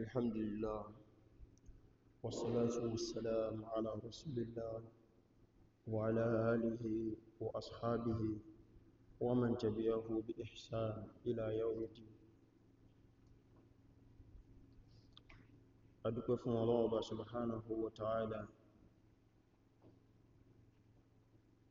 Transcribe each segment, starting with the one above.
الحمد لله والصلاة والسلام على رسول الله وعلى آله وأصحابه ومن تبعه بإحسان إلى يوم الدين أدوك الله سبحانه وتعالى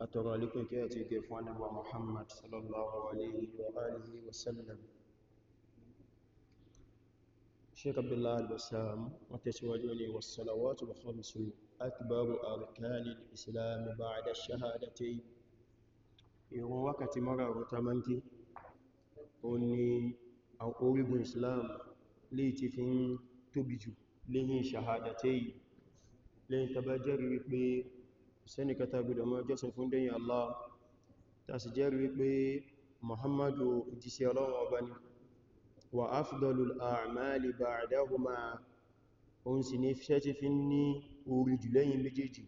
أترى لكم كاتب فوانا محمد صلى الله عليه وآله وسلم الشيخ عبد الله البسام وتسوجني والصلوات الخمس أكبر أركان الإسلام بعد الشهادتين ìrun wákàtí márààrún ta máa ń kí o ní orígun Islam lè ti fi ń tóbi jù lẹ́yìn shahadatayn lẹ́yìn ta bá jẹ́rìí wípé sẹ́nìkata gbọ́dọ̀ mọ́ jọ́sìn fún dẹ́yìn Allah ta sì jẹ́rìí wípé Muhammadu òjíṣẹ́ Ọlọ́run ọba ni wa afdalul a'mali ba'dahuma òun sì ní fíṣẹ́ ti fi ní orí jù lẹ́yìn méjèèjì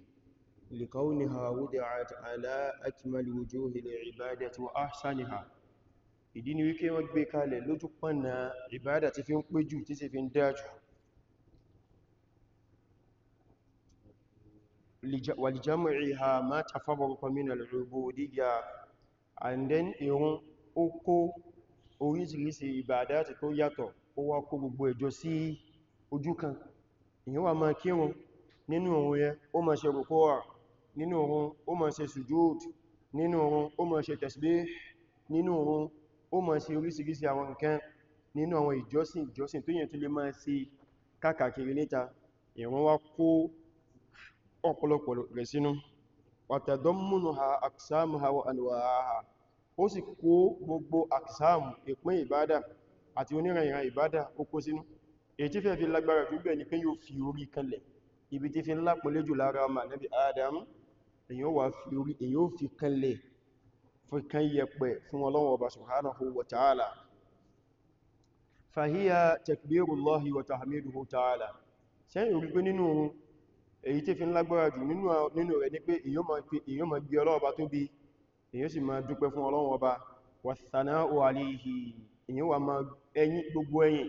likawniha wuda'at ala akmali wujuhil ibadati wa ahsaniha ìdí ni wíké wọ́n gbé kalẹ̀ lójú pọ̀nà ìbádà tí fi ń pé jù tí oríṣiríṣi ìbàdáàtì tó yàtọ̀ ó wá kó gbogbo ẹjọ́ sí ojú kan èyàn wà máa kírun nínú òun yẹn ó máa ṣe rùkúà nínú ọrụ ó máa ṣe sujúd nínú òun ó máa ṣe tasbih nínú ó máa ṣe àwọn nǹkan nínú àwọn ìjọsìn ìjọsìn tó yẹn tó lè máa ṣe káàkiri níta wá kó ọ̀pọ̀lọpọ̀ rẹ̀ sínú ó sì kó gbogbo àkìsáàmù ìpín ìbádà àti oníranìran ìbádà ó kó sínú èyí tí fẹ́ fi lágbára jù bẹ̀ ni pé yóò fi orí kanlẹ̀ ibi tí fi ń lápọ̀lé jù lára ọmọ ànábì Adam èyàn wà fi orí èyàn fi kanlẹ̀ fi kan yẹpẹ̀ fún Ọlọ́hun Ọba subhanahu wa ta'ala fahiya èyàn sì máa dúpẹ́ fún Ọlọ́run ọba wathana'u alayhi èyàn wà máa ẹ̀yìn gbogbo ẹ̀yìn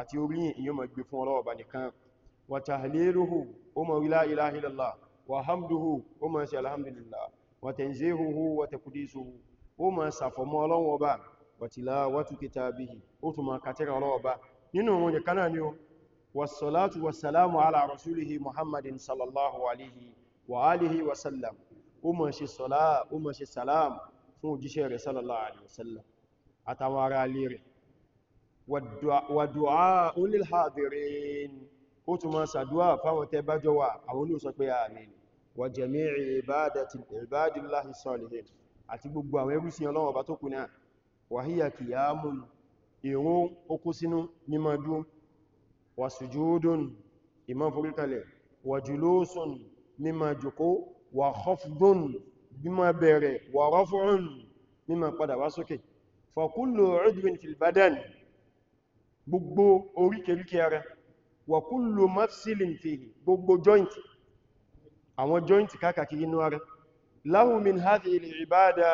àti oríyìn èyàn máa gbé fún Ọlọ́run ọba nìkan wa tahliluhu ó máa wí la ilaha illallah wa hamduhu ó máa sí alhamdulillah wa tanzihuhu wa taqdisuhu ó máa sàfọ̀mọ́ Ọlọ́run ọba wa tilawatu kitabihi ó ó mọ̀ ṣe sọ́lá ó mọ̀ ṣe salam fún òjíṣẹ́ rẹ̀ sallallahu alaihi wasallam àtàwàrà alẹ́ rẹ̀ wàdùá ulil hadirin ó tún máa sàdúwà fáwọn tẹ́ bá jọwà àwọn olóò sọ pé àmín wà jami'i ibadillahi salihin àti gbogbo àwọn ẹrú sí ọlọ́wọ̀ bá ìmọ̀ foríkalẹ̀ wà mímọ̀ jùkó wà khafdun bímọ̀ bẹ̀rẹ̀ wà raf'un mímọ̀ padà wá sókè fa kullu 'udwin fil badan gbogbo oríkèríkè ara wà kullu mafsilin fihi gbogbo joint àwọn joint kákàkiri inú ara lahu min hadhihi al-ibada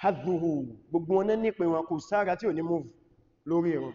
hadhuhu gbogbo wọn ní pé kò sára tí ò ní move lórí ìrun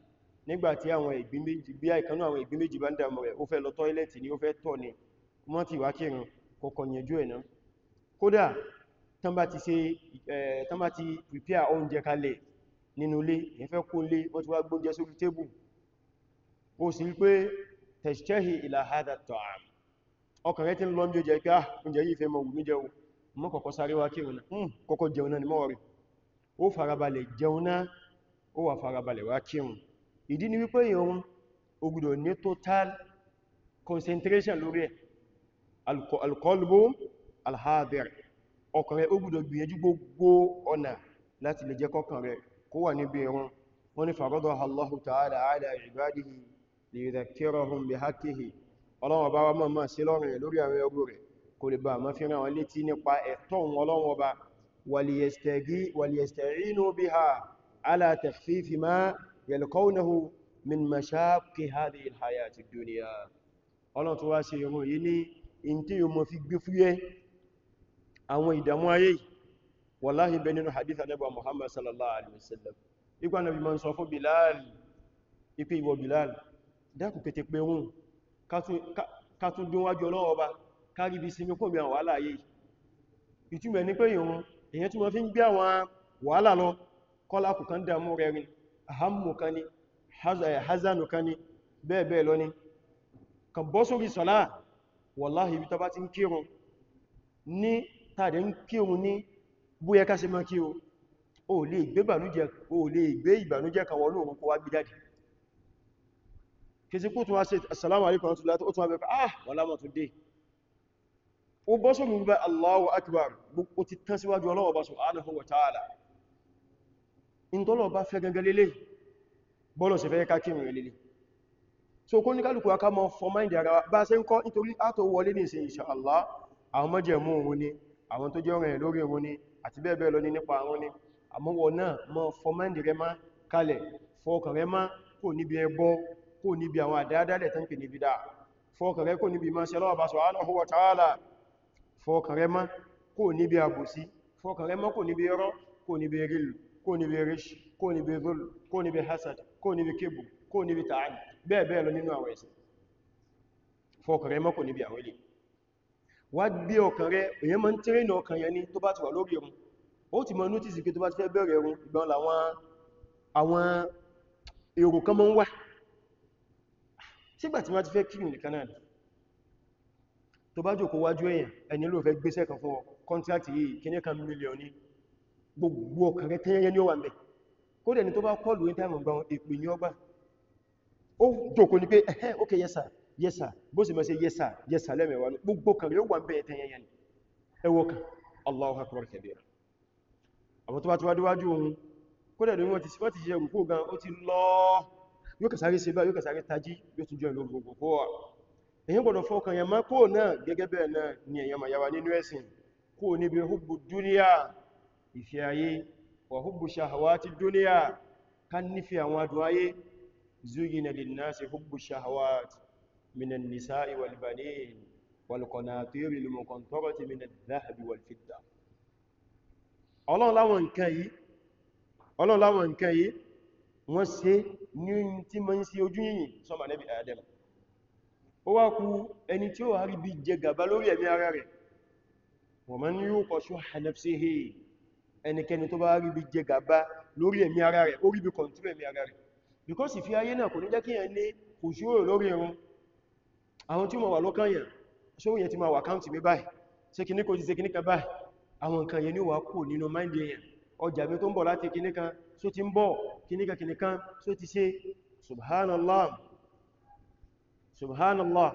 nígbàtí àwọn ìgbín méjì bí àìkanú àwọn ìgbín méjì bá ń dàmọ̀ rẹ̀ ó fẹ́ lọ tọ́ílẹ̀tì ni ó fẹ́ tọ̀ ni wọ́n ti wá kírun kọkàn yẹjú ẹ̀nà kódà tán bá ti ṣe tán bá ti prepare oúnjẹ kalẹ̀ nínú ilé èyàn fẹ́ kó lé wọ́n ti wá gbóúnjẹ sórí tébù ó sì rí pé tẹ̀ṣẹ́hì ìlà hadha ó ah, hmm, ni mọ́ rí ó farabalẹ̀ jẹun náà ó wà farabalẹ̀ wá kírun ìdí ni wípé ìrun ó gbọ́dọ̀ ní total concentration lórí ẹ̀ alkolbo alhadir ọkàn rẹ̀ ó gbọ́dọ̀ gbìyànjú gbogbo ọ̀nà láti lè jẹ́ kọ́kàn rẹ̀ kó wà níbi ìrun wọ́n ní fàrọ́dọ̀ Allahu ta'ala ala ibadihi li yudhakkirahum bihaqqihi ọlọ́run ọba wa máa sí lọ́rin lórí àwọn ẹgbò rẹ̀ kò lè bá máa fi rán wọn létí ala takhfifi ma يلقونه من مشاق هذه الحياة الدنيا ọlọ́run tó wá ṣe ìrun yìí ní in tí yíò mọ̀ fi gbé fúyẹ́ àwọn ìdàmú ayé wàláhì bẹ nínú hadith anẹ́bà Muhammad sallallahu alaihi wasallam ipa na bí ma ń sọ fún Bilal ipé ìwọ̀ Bilal dákù kété pé rún kátún dún wájú ọlọ́wọ́ bá kárí bí sinmi kó bí àwọn wàhálà ayé ìtumẹ̀ ní pé ìrun èyàn tí wọ́n fi ń gbé àwọn wàhálà lọ kọ́lá kù kan dàmú rẹrin hammu kan ni eh, hazanu kan ni bẹ́ẹ̀ bẹ́ẹ̀ lọ ni kan bọ́ sórí sọ́lá wàláhì ibi tọba ti ń kírun ní tàdé ń kírun ní bóyẹ ká ṣe máa kí o lè gbé ìbànújẹ́ kan wọnú òun kó wá gbídádì kìí kú tún wá sí assalamu alaikum wa rahmatullahi tún wá bẹ̀rẹ̀ ah wàlá ìntọ́lọ̀ bá fẹ́ gangan lélẹ̀ bọ́lọ̀ sí fẹ́ kákìrùn rẹ̀ lélẹ̀ so kó ní kálùkù aká mọ́ fọ́ máìdì ara bá ṣe ń kọ́ nítorí àtò wọlé ní ìsìn insha Allah àwọn mọ́jẹ̀mú òun ni àwọn tó jẹ́ ọ̀rẹ̀ lórí òun ni àti bẹ́ẹ̀ bẹ́ẹ̀ lọ ní nípa àwọn ni àmọ́wọ̀ náà mọ́ fọ́ máìdì rẹ má kalẹ̀ fọ́ọkàn rẹ má kò níbi ẹbọ kò níbi àwọn àdáadáalẹ̀ tán kó níbi rish kó níbi zul kó níbi hasad kó níbi kébù kó níbi ta'ad bẹ́ẹ̀ bẹ́ẹ̀ lọ nínú àwọn ẹ̀sìn fọkànrẹ́ mọ́kò níbi àwọn ilé wá gbé ọkàn rẹ̀ èyàn mọ́ ń tírínà ọkàn yẹn ní tó bá ti wà lórí ẹ̀rùn ó ti mọ́ nútìsì pé tó bá ti fẹ́ bẹ̀rẹ̀ ẹ̀rùn ìgbọ́n làwọn àwọn èrò kan mọ́ ń wà sígbà tí wọ́n ti fẹ́ kírìn nìkan náà tó bá jòkó wájú èyàn ẹni ló fẹ́ gbéṣẹ́ kan fún ọ kọ́ntíráàtì yìí kíní kan mílíọ̀nì gbogbo ọkàn rẹ̀ tẹ́yẹyẹ ní ó wà mẹ́ kó dẹ̀ ni tó bá kọlù ní táàmù gbọ́n èpè ní ọgbà ó jòkó ní pé ẹ̀hẹ́ ókè yẹsà yẹsà bó sì mọ́ sí yẹsà yẹsà lẹ́mẹ̀wà gbogbo kan yóò wà mẹ́ tẹ́yẹyẹ ní ẹwọ́ kan Allahu akbar kabira ni wọ́n ti ṣe rùkú gan ó ti lọ yóò kàsáré sí bá yóò kàsáré tají yóò tún jọ ìlú gbogbo kó wà èyàn gbọ́dọ̀ fọ́kàn yẹn mọ́ kó náà gẹ́gẹ́ ni èyàn mà ìfẹ́ ayé wa hubbu shahawati duniya ká nífẹ́ àwọn adùn ayé zuyina linnasi hubbu shahawati minan nisa'i wal banin wal qanatiri lil muqantarati minadh dhahabi wal fidda Ọlọ́run láwọn nǹkan yìí wọ́n ṣe ní tí ma ń ṣe ó wá kú ẹni tí ó wà bí jẹ gàba lórí ẹ̀mí ara rẹ̀ wa man yuqa shuhha nafsihi ẹnikẹni tó bá rí bí jẹ gàba lórí ẹ̀mí ara rẹ̀ ó rí bí kọ̀ntúrò ẹ̀mí ara rẹ̀ because ìfẹ́ ayé náà kò ní jẹ́ kí yẹn ní kò ṣúrò lórí ẹ̀rùn àwọn tí ó ma wà lọ́kàn yẹn ṣóhun yẹn ti ma wà káùntì mi báyìí ṣe kìní kò ti ṣe kìní kan báyìí àwọn nǹkan yẹn ní wà kò nínú máìndì yẹn ọjà mi tó ń bọ̀ láti kìní kan só ti ń bọ̀ kìní kan kìní kan só ti ṣe subhanallah subhanallah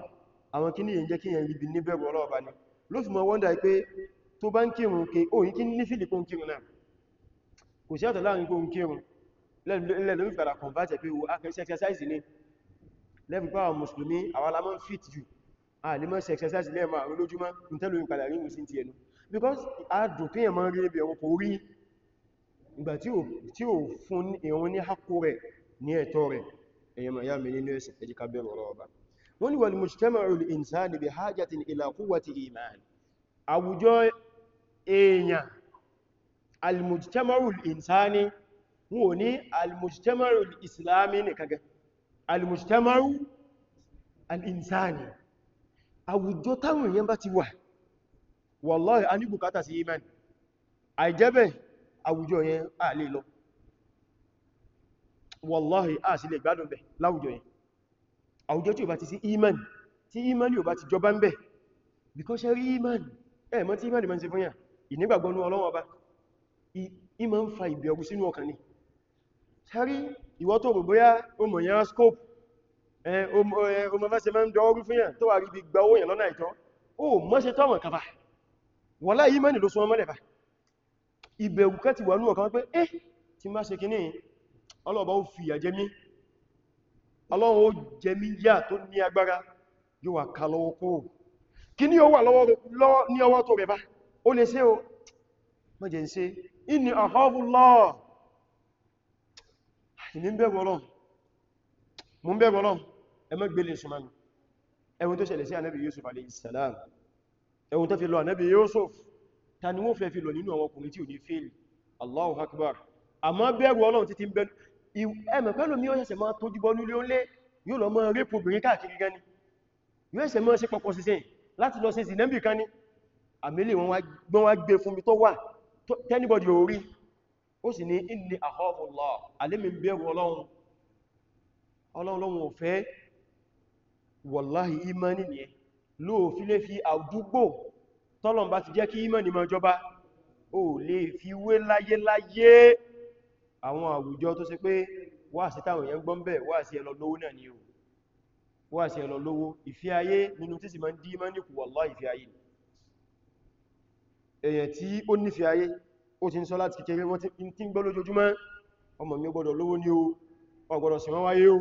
àwọn kìní yẹn jẹ́ kí yẹn rí bí níbẹ̀rù ọlọ́ọ̀bá ni ló fi mọ́ wọ́ndà pé tó bá ń kírun kí o yí kí ní fìlì kó ń kírun náà kò sí àtọ̀ láàrin kó ń kírun lẹ́nu ìfàdà convert pé o akẹ́sí exercise ní lẹ́bí pàwà mùsùlùmí àwọn alamọ́ fit jù a because a dùn tó yẹ mọ́ rí ẹbẹ̀ ọkọ̀ orí ìgbà tí ò fún ìrún ní hakó rẹ̀ ní ẹ̀tọ́ rẹ̀ ẹ̀yẹmọ̀ ya mi nínú ẹ̀sẹ̀ ẹjíká bẹ̀rù èèyàn almujtamarul insani wọ́n ní almujtamarul islami ní kaga almujtamarul al'insani àwùjọ táwọn èèyàn bá ti wà wallahi a ní bùkátà sí iman àìjẹ́bẹ̀ àwùjọ yẹn a lè lọ wallahi a sì lè gbádùn bẹ̀ láwùjọ yẹn àwùjọ tí ó bá ti sí iman tí iman yóò bá ti jọba ń bẹ̀ because ẹ rí iman ẹ̀ mọ́ tí iman ni mọ́ sí fún yàn ìnígbàgbọ́ ní Ọlọ́run Ọba ìmọ̀ ń fa ìbẹ̀rù sínú ọkàn ni sáré ìwọ tó rò bóyá ọmọ yẹn scope ọmọ fẹ́sẹ̀ mẹ́ ń dọ́ orí fún yẹn tó wà rí bí gba owó lọ́nà ìtọ́ ó mọ́ ṣe tọ́mọ̀ kàbà wọ́lá yìí mẹ́ni ló súnmọ́ mẹ́lẹ̀bà ìbẹ̀rù eh tí má ṣe kíní ọlọ́ọ̀bá ó fìyà jẹ mí ọlọ́run ó jẹ mí yà tó ní agbára ó lè ṣe o mọ́jẹ̀ ń ṣe inni akhafullah ìní ń bẹ̀rù Ọlọ́run mú ń bẹ̀rù Ọlọ́run ẹmọ́ gbélé ṣùmọ́nù ẹwùn tó ṣẹlẹ̀ sí ànábì Yusuf alayhi salam ẹwùn tó fi lọ ànábì Yusuf ta ni wọ́n fẹ́ fi lọ nínú àwọn ọkùnrin tí ò ní fèèlì Allahu akbar àmọ́ bẹ̀rù Ọlọ́run títí ń bẹ̀rù ẹmọ̀ pẹ́lú mi àmìlì wọ́n wá gbé fún mi tó wà tẹ́nibọ̀dì orí ó sì ní inni àhọ́fùlọ́ alẹ́mì bẹ̀rù ọlọ́run ọlọ́run ò fẹ́ wọ̀láhì imani ni ẹ lóòfí lè fi àdúgbò tọ́lọ̀n bá ti jẹ́ kí imani mọ́ jọba ó lè fi wé láyé láyé àwọn àwùjọ tó ṣe pé wáàsí táwọn èèyàn gbọ́n bẹ̀ wáàsí ẹlọ lówó náà ni ó wáàsí ẹlọ lówó ìfẹ́ ayé nínú tí sì máa ń dí imani kù wọ̀láhì ìfẹ́ ayé ni èyàn tí ó nífẹ̀ẹ́ ayé ó ti ń sọ láti kékeré wọ́n ti ń gbọ́ lójoojúmọ́ ọmọ mi gbọ́dọ̀ lówó ní o ò gbọ́dọ̀ ṣẹ̀wọ̀n wáyé o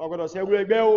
ò gbọ́dọ̀ ẹgbẹ́ o